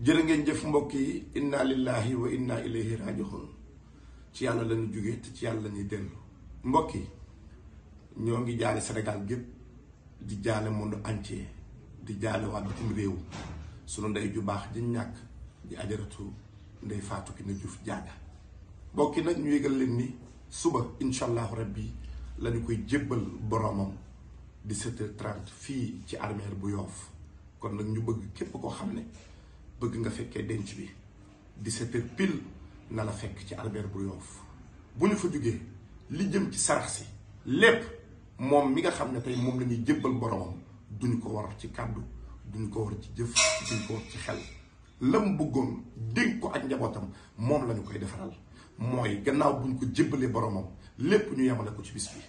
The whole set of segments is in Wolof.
jërë ngeen jëf mbokk yi inna lillahi wa inna ilayhi rajiun ci yàlla lañu jóge te ci yàlla lañuy dellu mbokk yi ñoo ngi jaale Sénégal gépp di jaale monde entier di jaale waa bitim réew sunu ndey ju baax di ñàkk di ajaratu ndey Fatou Kiné nu Diatta mbokk mbokki nag ñu yëgal leen ni suba incha allahu rabbi lañu koy jébbal boromam di h 30 fii ci armeer bu yoof kon nag ñu bëgg képp koo xam ne bëgg nga fekkee denc bi 17h pile na la fekk ci Albert bu Yoff bu ñu fa jógee li jëm ci sarax si lépp moom mi nga xam ne tey moom la ñuy jébbal boromam duñu ko war a ci kàddu duñu ko war ci jëf duñu ko war ci xel lam bëggoon dégg ko ak njabootam moom lañu ñu koy defaral mooy gannaaw buñ ko jébbalee boromam lépp ñu yemale ko ci bis bi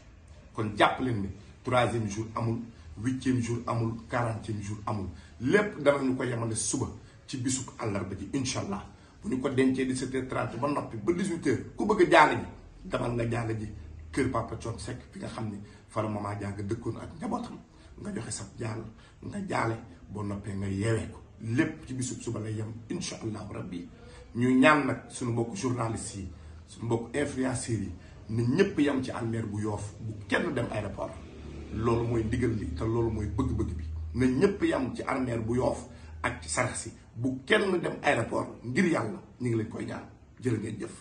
kon jàpp leen ni troisième jour amul huitième jour amul quarantième jour amul lépp danañu ko yemale suba ci bisub àllarba ji incha allah bu ñu ko dencee 17h30 ba noppi ba 18h ku bëgg a jaale ji demal nga jaale ji kër papa Thione Seck fi nga xam ni fara mama jaa nga dëkkoon ak njabootam nga joxe sa jaal nga jaale boo noppee nga yeewee ko lépp ci bisub suba lay yem incha allahu rabbi ñu ñaan nag suñu mbokk journaliste yi suñu mbokk influenceurs yi ne ñëpp yem ci almeer bu yoof bu kenn dem aéroport loolu mooy ndigal li te loolu mooy bëgg-bëgg bi na ñëpp yem ci almeer bu yoof ak ci sarax si bu kenn dem aéroport ngir yàlla ñu ngi leen koy ñaan jërë ngeen def